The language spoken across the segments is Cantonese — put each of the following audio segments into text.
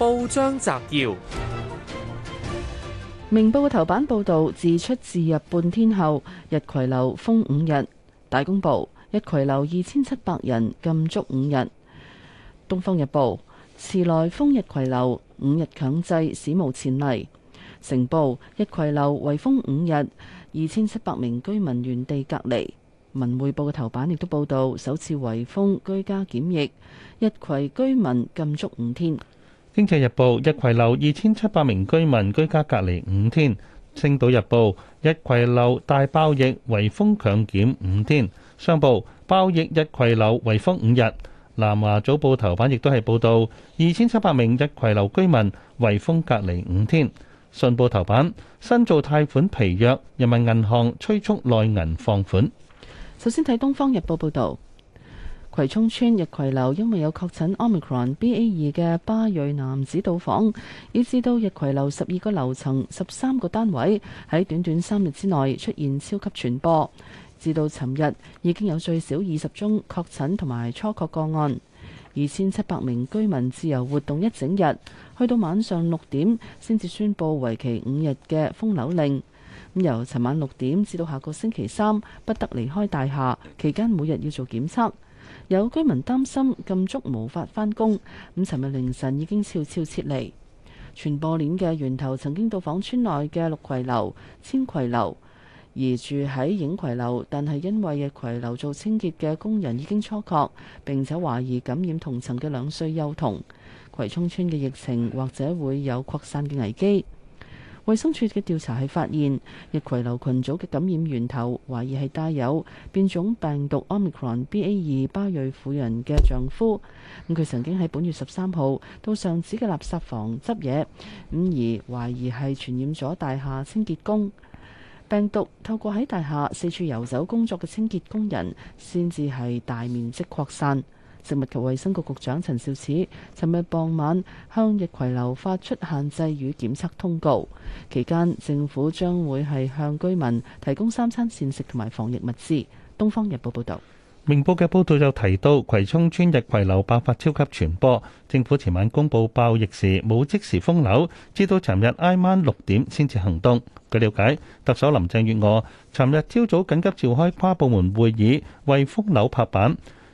報章摘要：明報嘅頭版報道，自出自入半天後，日葵樓封五日。大公報：日葵樓二千七百人禁足五日。東方日報：遲來封日葵樓五日強制，史無前例。成報：日葵樓圍封五日，二千七百名居民原地隔離。文匯報嘅頭版亦都報道，首次圍封居家檢疫，日葵居民禁足五天。《經濟日報》逸葵樓二千七百名居民居家隔離五天，《星島日報》逸葵樓大爆疫，圍封強檢五天，《商報》爆疫逸葵樓圍封五日，《南華早報》頭版亦都係報道二千七百名逸葵樓居民圍封隔離五天，《信報》頭版新造貸款疲弱，人民銀行催促內銀放款。首先睇《東方日報》報道。葵涌村日葵樓因為有確診 Omicron B A 二嘅巴裔男子到訪，以至到日葵樓十二個樓層十三個單位喺短短三日之內出現超級傳播。至到尋日已經有最少二十宗確診同埋初確個案，二千七百名居民自由活動一整日，去到晚上六點先至宣布為期五日嘅封樓令。咁由尋晚六點至到下個星期三不得離開大廈，期間每日要做檢測。有居民擔心禁足無法返工，咁尋日凌晨已經悄悄撤離。傳播鏈嘅源頭曾經到訪村內嘅六葵樓、千葵樓，而住喺影葵樓但係因為日葵樓做清潔嘅工人已經初確，並且懷疑感染同層嘅兩歲幼童，葵涌村嘅疫情或者會有擴散嘅危機。衛生署嘅調查係發現，日葵樓群組嘅感染源頭懷疑係帶有變種病毒 Omicron BA2 巴瑞婦人嘅丈夫。咁佢曾經喺本月十三號到上址嘅垃圾房執嘢，咁而懷疑係傳染咗大廈清潔工。病毒透過喺大廈四處遊走工作嘅清潔工人，先至係大面積擴散。食物及衞生局局長陳肇始，尋日傍晚向逸葵樓發出限制與檢測通告，期間政府將會係向居民提供三餐膳食同埋防疫物資。《東方日報》報導，《明報》嘅報導就提到，葵涌邨逸葵樓爆發超級傳播，政府前晚公布爆疫時冇即時封樓，至到尋日挨晚六點先至行動。據瞭解，特首林鄭月娥尋日朝早緊急召開跨部門會議，為封樓拍板。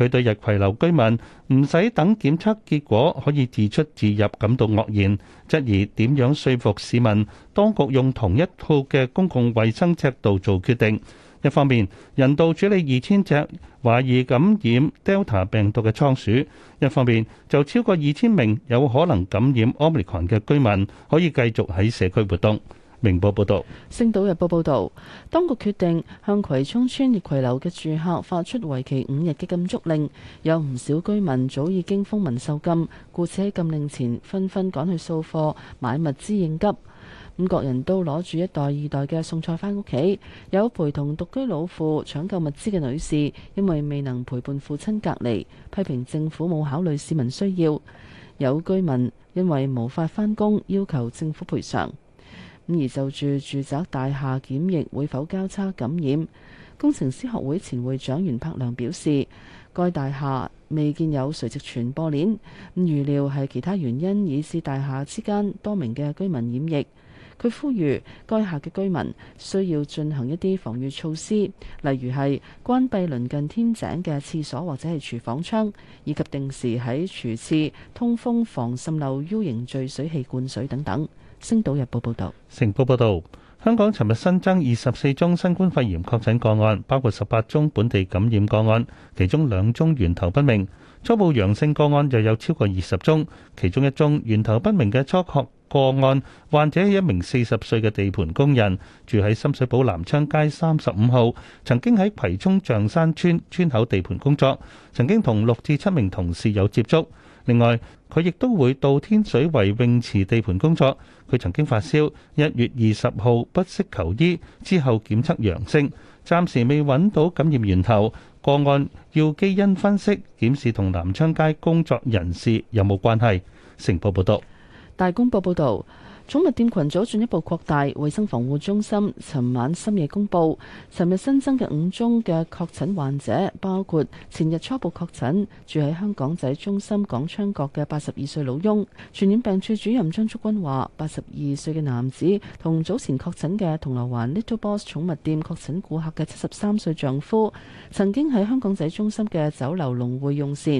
佢對逸葵樓居民唔使等檢測結果可以自出自入感到愕然，質疑點樣説服市民，當局用同一套嘅公共衛生尺度做決定。一方面人道處理二千隻懷疑感染 Delta 病毒嘅倉鼠，一方面就超過二千名有可能感染 Omicron 嘅居民可以繼續喺社區活動。明報報道，《星島日報》報道，當局決定向葵涌村映葵樓嘅住客發出為期五日嘅禁足令。有唔少居民早已經風聞受禁，故此喺禁令前紛紛趕去掃貨買物資應急。五國人都攞住一袋、二袋嘅餸菜返屋企。有陪同獨居老父搶救物資嘅女士，因為未能陪伴父親隔離，批評政府冇考慮市民需要。有居民因為無法翻工，要求政府賠償。而就住住宅大廈檢疫會否交叉感染？工程師學會前會長袁柏良表示，該大廈未見有垂直傳播鏈，預料係其他原因以致大廈之間多名嘅居民染疫。佢呼籲該廈嘅居民需要進行一啲防禦措施，例如係關閉鄰近天井嘅廁所或者係廚房窗，以及定時喺廚廁通風、防滲漏 U 型聚水器灌水等等。星島日報報道，成報報道，香港尋日新增二十四宗新冠肺炎確診個案，包括十八宗本地感染個案，其中兩宗源頭不明。初步陽性個案又有超過二十宗，其中一宗源頭不明嘅初確個案，患者係一名四十歲嘅地盤工人，住喺深水埗南昌街三十五號，曾經喺葵涌象山村村村口地盤工作，曾經同六至七名同事有接觸。另外，佢亦都會到天水圍泳池地盤工作。佢曾經發燒，一月二十號不適求醫，之後檢測陽性，暫時未揾到感染源頭個案，要基因分析檢視同南昌街工作人士有冇關係。成報報道，大公報報道。寵物店群組進一步擴大，衛生防護中心尋晚深夜公布，尋日新增嘅五宗嘅確診患者，包括前日初步確診住喺香港仔中心港昌閣嘅八十二歲老翁。傳染病處主任張竹君話：八十二歲嘅男子同早前確診嘅銅鑼灣 Little Boss 寵物店確診顧客嘅七十三歲丈夫，曾經喺香港仔中心嘅酒樓龍會用膳，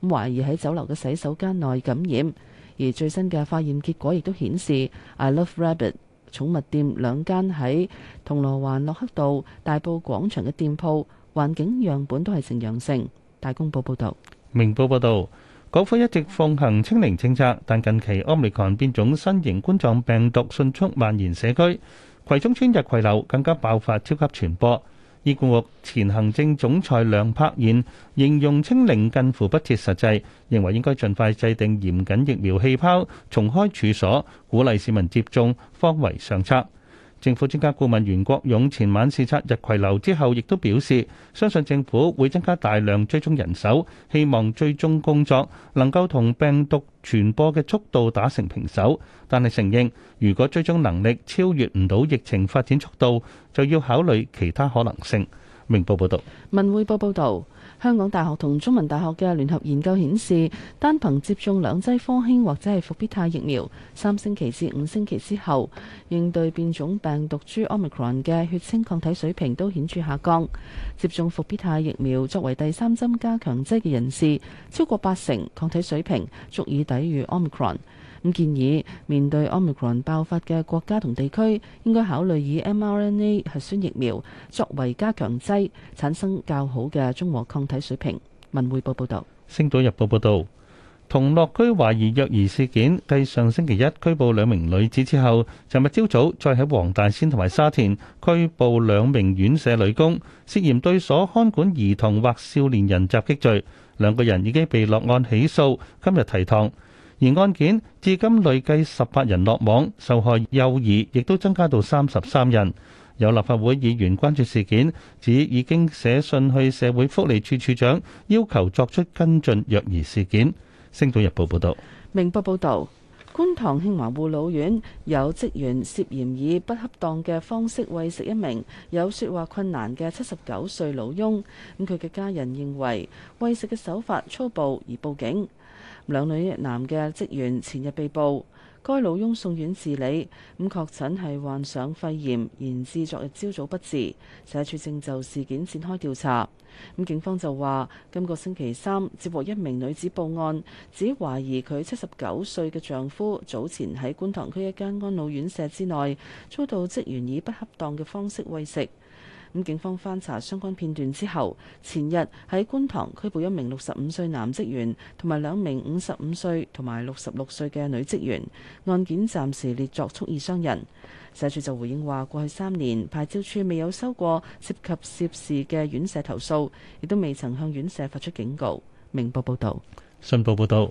咁懷疑喺酒樓嘅洗手間內感染。而最新嘅化驗結果亦都顯示，I Love Rabbit 寵物店兩間喺銅鑼灣駱克道、大埔廣場嘅店鋪環境樣本都係呈陽性。大公報報道，明報報道，港府一直奉行清零政策，但近期 Omicron 變種新型冠狀病毒迅速蔓延社區，葵涌邨逸葵樓更加爆發超級傳播。醫管局前行政總裁梁柏燕形容清零近乎不切實際，認為應該盡快制定嚴謹疫苗氣泡，重開處所，鼓勵市民接種，方為上策。政府專家顧問袁國勇前晚視察逸葵樓之後，亦都表示相信政府會增加大量追蹤人手，希望追蹤工作能夠同病毒傳播嘅速度打成平手。但係承認，如果追蹤能力超越唔到疫情發展速度，就要考慮其他可能性。明報報道。文匯報報導。香港大學同中文大學嘅聯合研究顯示，單憑接種兩劑科興或者係復必泰疫苗，三星期至五星期之後，應對變種病毒株 Omicron 嘅血清抗體水平都顯著下降。接種復必泰疫苗作為第三針加強劑嘅人士，超過八成抗體水平足以抵禦 Omicron。咁建議面對 Omicron 爆發嘅國家同地區，應該考慮以 mRNA 核酸疫苗作為加強劑，產生較好嘅中和抗體水平。文匯報報導。星島日報報導，童樂居懷疑虐兒事件，繼上星期一拘捕兩名女子之後，尋日朝早再喺黃大仙同埋沙田拘捕兩名院舍女工，涉嫌對所看管兒童或少年人襲擊罪，兩個人已經被落案起訴，今日提堂。而案件至今累計十八人落網，受害幼兒亦都增加到三十三人。有立法會議員關注事件，指已經寫信去社會福利處處長，要求作出跟進虐兒事件。星島日報報導，明報報導，觀塘興華護老院有職員涉嫌以不恰當嘅方式餵食一名有説話困難嘅七十九歲老翁。咁佢嘅家人認為餵食嘅手法粗暴而報警。兩女一男嘅職員前日被捕，該老翁送院治理，咁確診係患上肺炎，延至昨日朝早不治。社署正就事件展開調查，咁警方就話今個星期三接獲一名女子報案，指懷疑佢七十九歲嘅丈夫早前喺觀塘區一間安老院舍之內遭到職員以不恰當嘅方式餵食。警方翻查相關片段之後，前日喺觀塘拘捕一名六十五歲男職員同埋兩名五十五歲同埋六十六歲嘅女職員。案件暫時列作蓄意傷人。社署就回應話：過去三年，牌照處未有收過涉及涉事嘅院舍投訴，亦都未曾向院舍發出警告。明報報道。信報報道。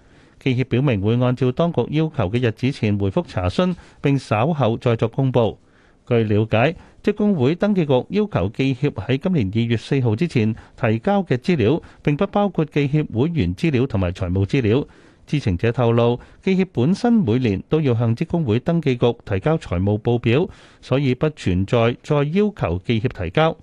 記協表明會按照當局要求嘅日子前回覆查詢，並稍後再作公布。據了解，職工會登記局要求記協喺今年二月四號之前提交嘅資料，並不包括記協會員資料同埋財務資料。知情者透露，記協本身每年都要向職工會登記局提交財務報表，所以不存在再要求記協提交。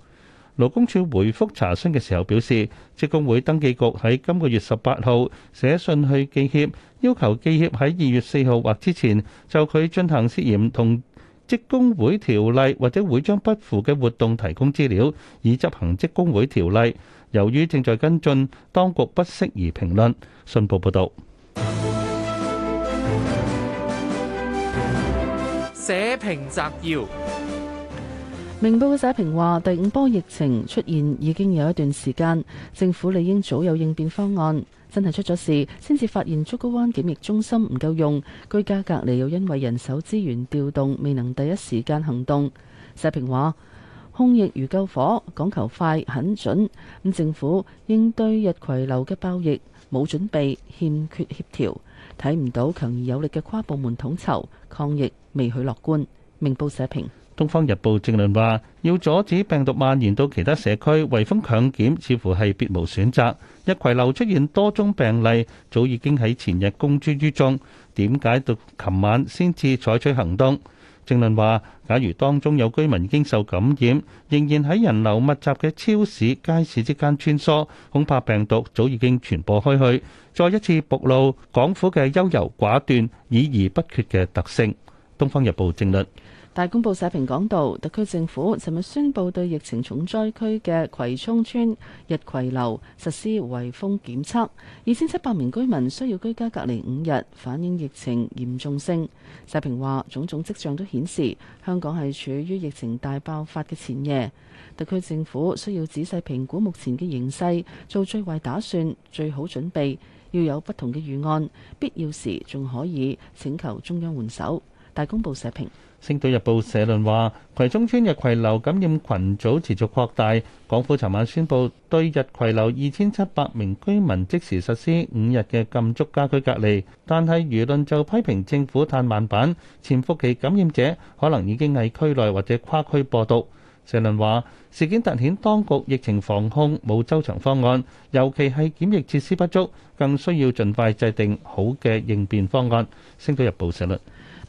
勞工處回覆查詢嘅時候表示，職工會登記局喺今個月十八號寫信去記協，要求記協喺二月四號或之前就佢進行涉嫌同職工會條例或者會章不符嘅活動提供資料，以執行職工會條例。由於正在跟進，當局不適宜評論。信報報道。社評摘要。明報嘅社評話：第五波疫情出現已經有一段時間，政府理應早有應變方案。真係出咗事，先至發現竹篙灣檢疫中心唔夠用，居家隔離又因為人手資源調動未能第一時間行動。社評話：控疫如救火，講求快、很準。咁政府應對日葵樓嘅爆疫冇準備，欠缺協調，睇唔到強而有力嘅跨部門統籌抗疫，未許樂觀。明報社評。《東方日報》正論話：要阻止病毒蔓延到其他社區，圍封強檢似乎係別無選擇。逸葵樓出現多宗病例，早已經喺前日公諸於眾，點解到琴晚先至採取行動？正論話：假如當中有居民已經受感染，仍然喺人流密集嘅超市、街市之間穿梭，恐怕病毒早已經傳播開去，再一次暴露港府嘅優柔寡斷、以而不決嘅特性。《東方日報》正論、大公報社評講道，特區政府尋日宣布對疫情重災區嘅葵涌村日葵樓實施圍封檢測，二千七百名居民需要居家隔離五日，反映疫情嚴重性。社評話，種種跡象都顯示香港係處於疫情大爆發嘅前夜，特區政府需要仔細評估目前嘅形勢，做最壞打算，最好準備，要有不同嘅預案，必要時仲可以請求中央援手。大公報社評，《星島日報》社論話：葵涌邨逸葵樓感染群組持續擴大，港府尋晚宣佈對逸葵樓二千七百名居民即時實施五日嘅禁足家居隔離。但係輿論就批評政府嘆慢板，潛伏期感染者可能已經喺區內或者跨區播毒。社論話事件凸顯當局疫情防控冇周詳方案，尤其係檢疫設施不足，更需要盡快制定好嘅應變方案。《星島日報》社論。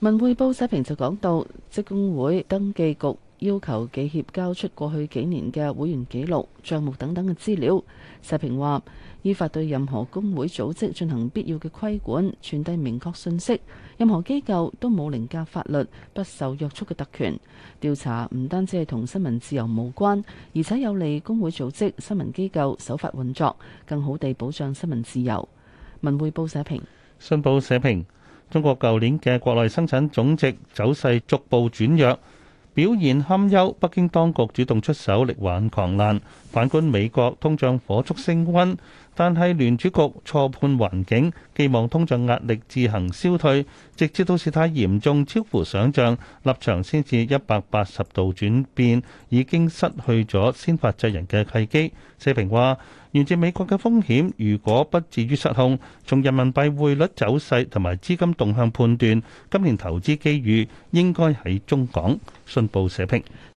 文匯報社評就講到，職工會登記局要求記協交出過去幾年嘅會員記錄、賬目等等嘅資料。社評話，依法對任何工會組織進行必要嘅規管，傳遞明確信息，任何機構都冇凌駕法律、不受約束嘅特權。調查唔單止係同新聞自由無關，而且有利工會組織、新聞機構守法運作，更好地保障新聞自由。文匯報社評。信報社評。中國舊年嘅國內生產總值走勢逐步轉弱，表現堪憂。北京當局主動出手力挽狂瀾。反觀美國，通脹火速升温，但係聯儲局錯判環境，寄望通脹壓力自行消退，直至到事態嚴重超乎想象，立場先至一百八十度轉變，已經失去咗先發制人嘅契機。社評話。源自美國嘅風險，如果不至於失控，從人民幣匯率走勢同埋資金動向判斷，今年投資機遇應該喺中港。信報社評。